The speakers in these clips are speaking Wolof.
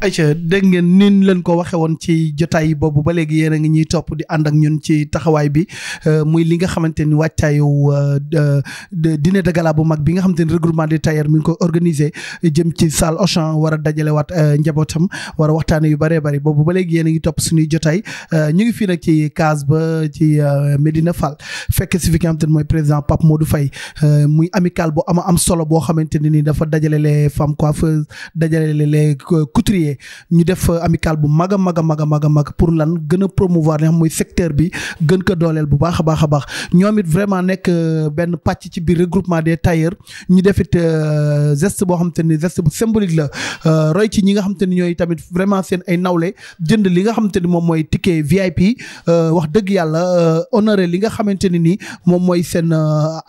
ayca dégg ngeen nin leen ko waxe woon ci jotaay boobu ba léegi yéen a ngi ñuy topp di ànd ak ñun ci taxawaay bi euh, muy li nga xamante ni wàccaayu euh, dîner de gala bu mag bi nga xamante ni regroupement des tailleurs mi ngi ko organisé jëm ci salle Auchan war a dajale waat euh, njabootam wara a yu bëree bëri boobu ba léegi yéen a ngi topp suñuy jotaay ñu ngi fii nag ci case ba ci médina Fall fekk si fi nga xamante mooy président Pape du fay muy amical bu ama am solo boo xamante ne ni dafa dajale les femmes coiffeuses février ñu def euh, amical bu mag a mag a mag a mag a mag pour lan gën a promouvoir mooy secteur bi gën ko dooleel bu baax a baax a baax ñoom it vraiment nekk euh, benn pàcc ci biir regroupement des tailleurs ñu def it euh, geste boo xam te ni geste bu symbolique la roy ci ñi nga xam te ni ñooy tamit vraiment seen ay nawle jënd li nga xam te ni moom mooy ticket VIP wax dëgg yàlla honoré li nga xamante ni nii moom mooy seen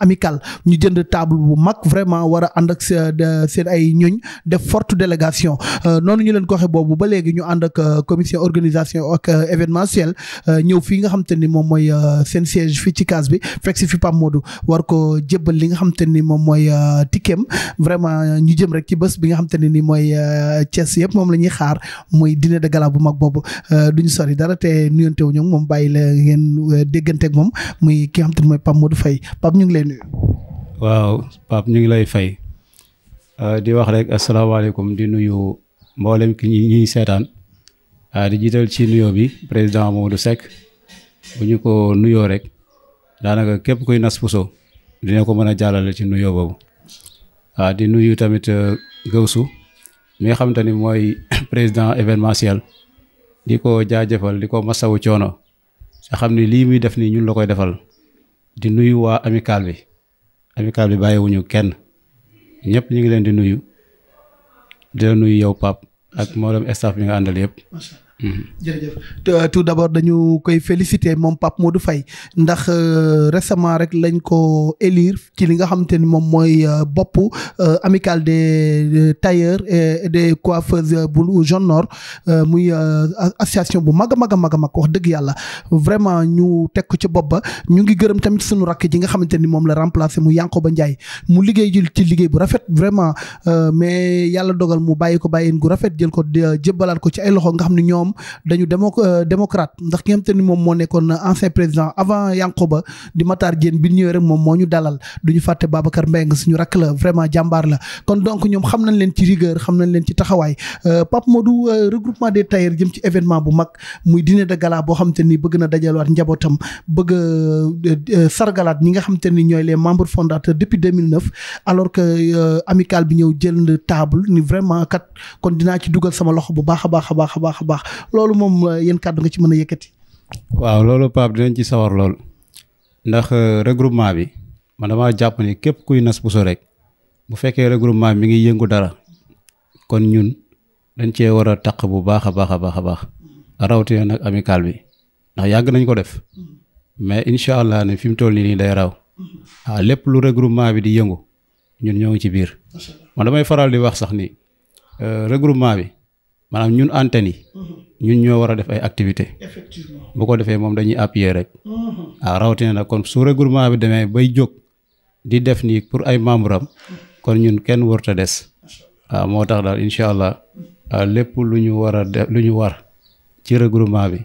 amical ñu jënd table bu mag vraiment war a ànd ak seen ay ñoñ def forte délégation noonu ñu leen waxe boobu ba léegi ñu ànd ak euh, commission organisation ak euh, événementiel euh, ñëw fii nga xam te ni moom mooy seen siège fii ci case bi fekk si fi Pape Modou war ko jébbal li nga xam te ni moom mooy tikkeem vraiment ñu jëm rek ci bës bi nga xam te ne ni mooy ces yëpp moom la ñuy xaar muy dîner de gala bu mag boobu duñu sori dara te nuyonte wu ñu moom bàyyi la ngeen dégganteeg moom muy ki nga xam te ni mooy Pape Modou Faye Pape ñu ngi lay nuyu. waaw Pape ñu ngi lay fay di wax rek asalaamaaleykum di nuyu mboolem ki ñuy seetaan ah, di jiital ci nuyoo bi président Modou sekk bu ñu ko nuyoo rek daanaka képp kuy nas puso dina ko mën a jàllale ci nuyoo boobu waaw ah, di nuyu tamit euh, Gawsu mi nga xamante ni mooy président événementiel di ko jaajëfal di ko masawu coono sa xam ni lii muy def nii ñun la koy defal di nuyu waa amical bi amical bi bàyyiwuñu kenn ñëpp ñu ngi leen di nuyu di la nuyu yow Pape ak mboolem staff bi nga àndal yëpp. Mm-hmm. jërëjëf euh, tout d'abord dañu koy félicité moom Pape du fay ndax euh, récemment rek lañ ko élire ci li nga xamante ni moom mooy euh, bopp amicale des tailleurs et des coiffeuses bu Jeune Nord muy association bu mag a mag a mag a mag wax dëgg yàlla vraiment ñu teg ko ci bopp ba ñu ngi gërëm tamit suñu rakk ji nga xamante ni moom la remplacer mu ba Ndiaye mu liggéey ci liggéey bu rafet vraiment mais yàlla dogal mu bàyyi ko bàyyi gu rafet jël ko jébbalaat ko ci ay loxo nga xam ne ñoom dañu démo euh, démocrate ndax ki nga xamante ni moom moo nekkoon ancien président avant ba di Matar Diène bi ñëwee rek moom moo ñu dalal du ñu fàtte Babacar Mbengue suñu rakk la vraiment jàmbaar la kon donc ñoom xam nañ leen ci rigueur xam nañ leen ci taxawaay euh, Pape du euh, regroupement de tailleurs jëm ci événement bu mag muy dina de gala boo xam te ni bëgg na dajalewaat njabootam bëgg a sargalaat ñi nga xam te ni ñooy les membres fondateurs depuis 2009 alors que amicale bi ñëw jël table ni vraiment kat kon dinaa ci dugal sama loxo bu baax a baax a baax a baax a baax loolu moom euh, yéen kàddu nga ci mën a yëkkati. waaw loolu Pape dinañ ci sawar lool ndax euh, regroupement bi ma damaa jàpp ni képp kuy nas puso rek bu fekkee regroupement mi ngi yëngu dara kon ñun dañ cee war a taq bu baax a baax a baax a baax rawatina nag amical bi ndax yàgg nañ ko def mais incha allah ne fi mu toll nii nii day raw ah lépp lu regroupement bi di yëngu ñun ñoo ngi ci biir man damay faral di wax sax ni euh, regroupement bi. maanaam ñun antenne yi mm-hmm. ñun ñoo war a def ay activité effectivement bu ko defee moom dañuy appuyer rek mm-hmm. waaw rawatina nag kon su regroupement bi demee bay jóg di def nii pour ay membre am kon ñun kenn warut des waaw moo tax daal incha allah mm-hmm. lépp lu ñu war a def lu ñu war ci regroupement bi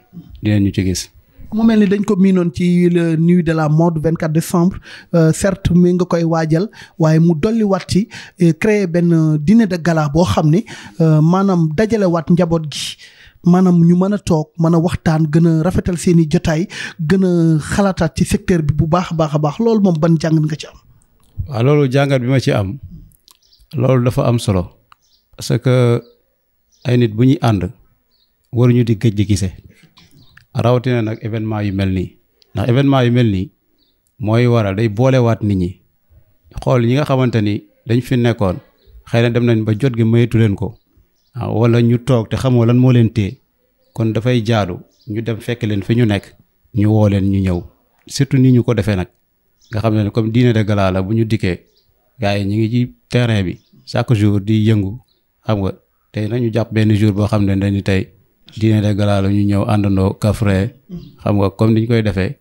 dinañu ci gis mu mel ni dañ ko miinoon ci le nuit de la de mode 24 décembre euh, certes mi nga koy waajal waaye mu dolliwaat ci euh, créer benn dîner de gala boo xam ni euh, maanaam dajalewaat njaboot gi maanaam ñu mën a toog mën a waxtaan gën a rafetal seen i jotaay gën a xalaataat ci secteur bi bu baax a baax a baax loolu moom ban jàngat nga ci am. waaw loolu jàngat bi ma ci am loolu dafa am solo parce que ay nit bu ñuy ànd waruñu di gëj di rawatina nag événement yu mel nii ndax événement yu mel nii mooy waral day boolewaat nit ñi xool ñi nga xamante ni dañ fi nekkoon xëy na dem nañ ba jot gi maytu leen ko wala ñu toog te xamoo lan moo leen tee kon dafay jaadu ñu dem fekk leen fi ñu nekk ñu woo leen ñu ñëw surtout ni ñu ko defee nag nga xam ne comme dîner de galaala bu ñu dikkee gars yi ñu ngi ci terrain bi chaque jour di yëngu xam nga tey ñu jàpp benn jour boo xam ne dañu tey dîner de gala la ñu ñëw àndandoo kafre xam nga comme niñ koy defee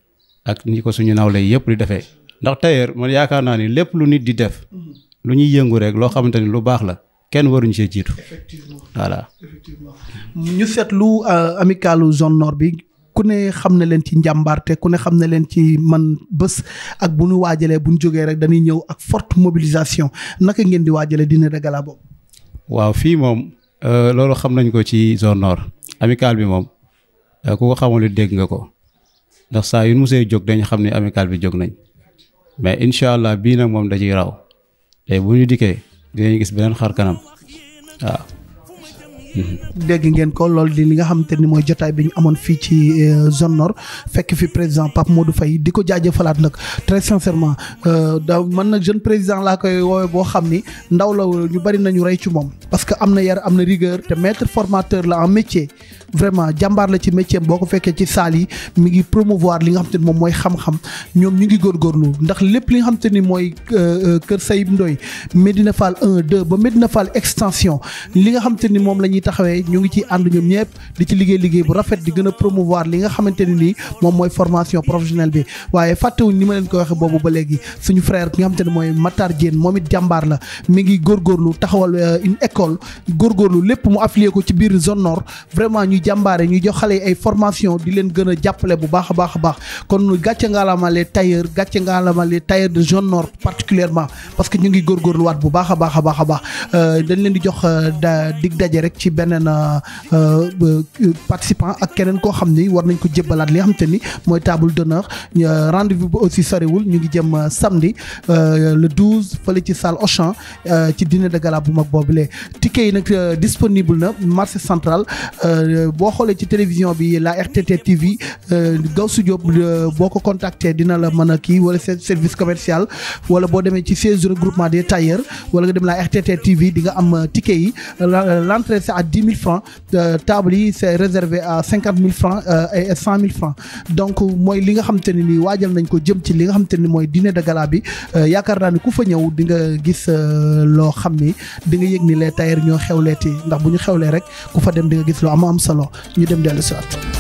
ak ni ko suñu nawle yëpp di defee ndax tailleur man yaakaar naa ni lépp lu nit di def lu ñuy yëngu rek loo xamante ni lu baax la kenn waruñu see jiitu voilà. effectivement ñu seetlu euh, zone nord bi. ku ne xam na leen ci njàmbaarte ku ne xam na leen ci man bés ak bu ñu waajalee bu ñu jógee rek dañuy ñëw ak forte mobilisation naka ngeen di waajalee dîner de gala boobu. waaw fii moom euh, loolu xam nañ ko ci zone nord amical bi moom eh, ku ko xamul dégg nga ko ndax saa yu nu musee jóg dañ xam ne amical bi jóg nañ mais incha allah bii nag moom da ciy raw te bu ñu dikkee dinañ gis beneen xar kanam waaw dégg ngeen ko lool di li nga xamante ni mooy jotaay bi ñu amoon fii ci euh, zone nord fekk fi président Pape du fay di ko jaajëfalaat nag très sincèrement euh, da mën nag jeune président laa koy woowee boo xam ni ndaw la ñu bari nañu rey ci moom parce que am na yar am na rigueur te maître formateur la en métier vraiment jàmbaar la ci métier boo ko fekkee ci saal yi mi ngi promouvoir li nga xam te ni moom mooy xam-xam ñoom ñu ngi góor góorgóorlu ndax lépp li nga xam ni mooy euh, euh, Kër Sayib Ndoy Medina Fall 1 2 ba Medina Fall extension li nga xam ni moom la ñuy taxawee ñu ngi ci ànd ñoom ñëpp di ci liggéey liggéey bu rafet di gën a promouvoir li nga xamante ni nii moom mooy formation professionnelle bi waaye fàttewuñ ni ma leen ko waxee boobu ba léegi suñu frère bi nga xam mooy Matar Diène moom it jàmbaar la mi ngi góor góorlu taxawal euh, une école góorgóorlu lépp mu affilié ko ci biir zone nord vraiment ñuy jàmbaare ñuy jox xale yi ay formation di leen gën a jàppale bu baax a baax a baax kon gàcce ngaalama les tailleurs gàcce ngaalama les tailleurs de zone nord particulièrement parce que ñu ngi góorgóorluwaat bu baax a baax a baax a baax euh, dañ leen di jox euh, dig daje rek ci beneen euh, participant ak keneen koo xam ni war nañ ko jébbalaat li nga xam te ni mooy table d'honneur rendez-vous bi aussi soriwul ñu ngi jëm samedi le 12 fële ci salle Auchan ci dîner de gala bu mag boobule ticket yi nag disponible na marché central boo xoolee ci télévision bi la RTT TV euh, Gawsu Diop euh, boo ko contacter dina la man a kii wala service commercial wala boo demee ci seize groupement de tailleurs wala nga dem la RTT TV di nga am euh, ticket yi l'entrée c'est à dix mille francs table yi c'est réservé à cinquante mille francs et mille francs donc mooy li nga xam te ne waajal nañ ko jëm ci li nga xam te ne mooy dîner de gala bi yaakaar naa ni ku fa ñëw di nga gis loo xam ni di nga yëg ni les tailleurs ñoo xewlee solo ñu dem a si waat